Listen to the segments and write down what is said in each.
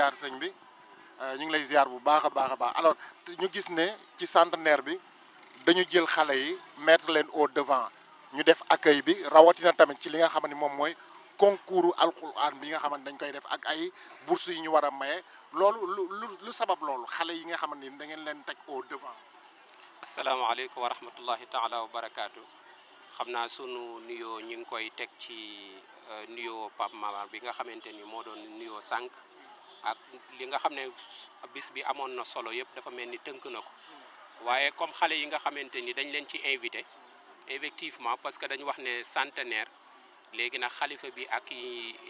ziar sëñ bi euh, ñu ngi lay ziar bu baax a baax a baax alors ñu gis ne ci centenaire bi dañu jël xale yi mettre leen au devant ñu def accueil bi rawatina tamit ci li nga xam ne moom mooy concours alquran bi nga xam ne dañ koy def ak ay bourses yi ñu war a maye loolu lu lu sabab loolu xale yi nga xam ni dangeen leen teg au devant. asalaamaaleykum wa rahmatullahi taala wa barakaatu. xam naa sunu nuyoo ñu ngi koy teg ci euh, nuyoo Pape Mamar bi nga xamante ni moo doon nuyoo sànq. ak li nga xam ne bis bi amoon na solo yëpp dafa mel ni tënk na ko waaye comme xale yi nga xamante ni dañ leen ci invité effectivement parce que dañu wax ne centenaire léegi nag xalifa bi ak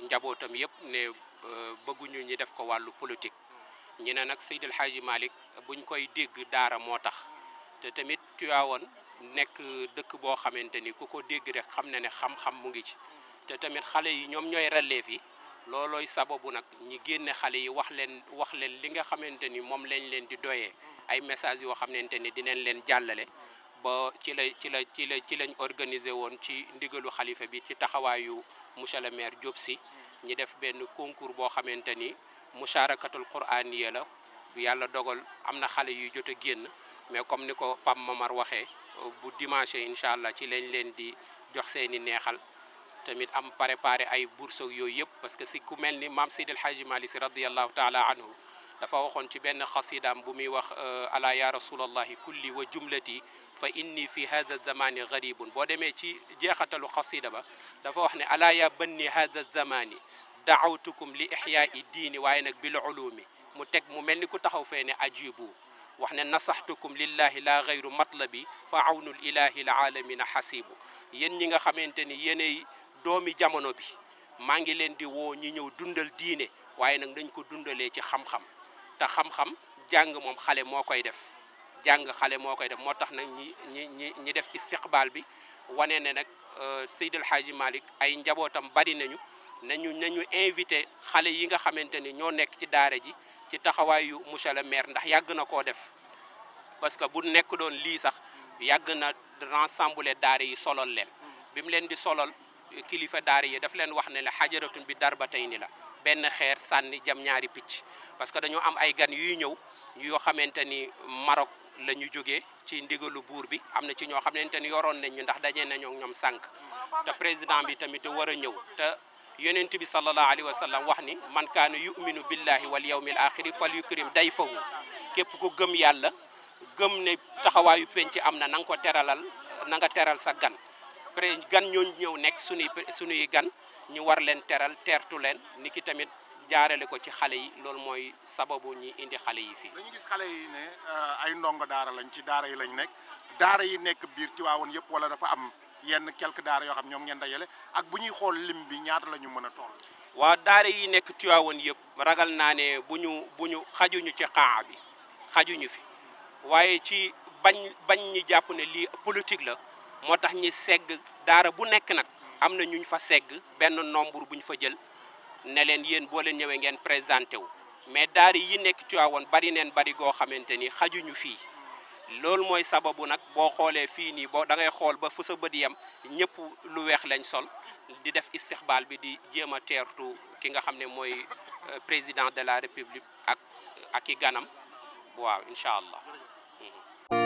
njabootam yëpp ne euh, bëgguñu ñi def ko wàllu politique ñu ne nag Seydil Hadji bu buñ koy dégg daara moo tax te tamit Tivaouane nekk dëkk boo xamante ni ku ko dégg rek xam ne ne xam-xam mu ngi ci te tamit xale yi ñoom ñooy relève yi loolooy sababu nag ñi génne xale yi wax leen wax leen li nga xamante ni moom lañ leen di doyee mm. ay message yoo xamante ni dinañ leen jàllale mm. ba ci la ci la ci la ci lañ organiser woon ci ndigalu xalifa bi ci taxawaayu monsieur le maire Diop Sy mm. ñi def benn concours boo xamante ni musharakatul quraaniya la bu yàlla dogal am na xale yu jot a génn mais comme ni ko Pam Mamar waxee bu dimanche incha allah ci lañ leen di jox seeni neexal tamit am préparé ay bourse yooyu yëpp parce que si ku mel ni maam Seydil Hadji Malick Sy radiallahu taala anhu dafa waxoon ci benn xasidaam bu muy wax euh, ala ya rasulallahi kulli wa jumlati fa inni fi hada zamani garibun boo demee ci jeexatalu xasida ba dafa wax ne ala ya banni hada zamani daawtukum li ixyaai diini waaye nag bil ulumi mu teg mu mel ni ku taxaw fee ne ajibu wax ne nasaxtukum lillahi la gayru matlabi fa awnul la l alamina xasibu yéen ñi nga xamante ni doomi jamono bi maa ngi leen di woo ñi ñëw dundal diine waaye nag dañ ko dundalee ci xam-xam te xam-xam jàng moom xale moo koy def jàng xale moo koy def moo tax nag ñi ñi ñi ñi def istiqbaal bi wane ne nag euh, Seydi El Hadji ay njabootam bari nañu nañu nañu invité xale yi nga xamante ni ñoo nekk ci daare ji ci taxawaayu monsieur le maire ndax yàgg na koo def parce que bu nekk doon lii sax yàgg na rassembler daare yi solol leen bi leen di solol kilifa daara yi daf leen wax ne la xajaratun bi ba tey ni la benn xeer sànni jam ñaari picc parce que dañoo am ay gan yuy ñëw yoo xamante ni Maroc la ñu jógee ci ndigalu buur bi am na ci ñoo xamante ni yoroon nañ ñu ndax dajee nañoo ñoom sànq te président bi tamit war a ñëw te yonent bi sallallahu alayhi wa sallam wax ni man kaana yuminu billahi wal yawmil axiri fal yukrim day fawu képp ku gëm yàlla gëm ne taxawaayu penc am na na nga ko teralal na nga teral sa gan pré gan ñooñu ñëw nekk suñuy suñuy gan ñu war leen teral teertu leen ni ki tamit jaarale ko ci xale yi loolu mooy sababu ñu indi xale yi fii. dañu gis xale yi ne euh, ay ndongo daara lañ ci daara yi lañ nekk daara yi nekk biir Tiwaawoon yëpp wala dafa am yenn quelques daara yoo xam ñoom ngeen dajale ak bu ñuy xool lim bi ñaata la ñu mën a tool waaw daara yi nekk Tiwaawoon yëpp ragal naa ne bu ñu bu xajuñu ci xaa bi xajuñu fi waaye ci bañ bañ ñi jàpp ne lii politique la. moo tax ñi segg daara bu nekk nag am na ñu fa segg benn nombre bu ñu fa jël ne leen yéen boo leen ñëwee ngeen présenté wu. mais daara yi nekk Tivaouane bari neen bari goo xamante ni xajuñu fii loolu mooy sababu nag boo xoolee fii nii boo da xool ba fu sa bët yam ñëpp lu weex lañ sol di def istixbaal bi di jéem a teertu ki nga xam ne mooy euh, président de la république ak ak i ganam waaw incha allah.